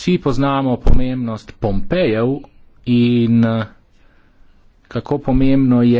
vsi poznamo pomembnost Pompejev in eh, kako pomembno je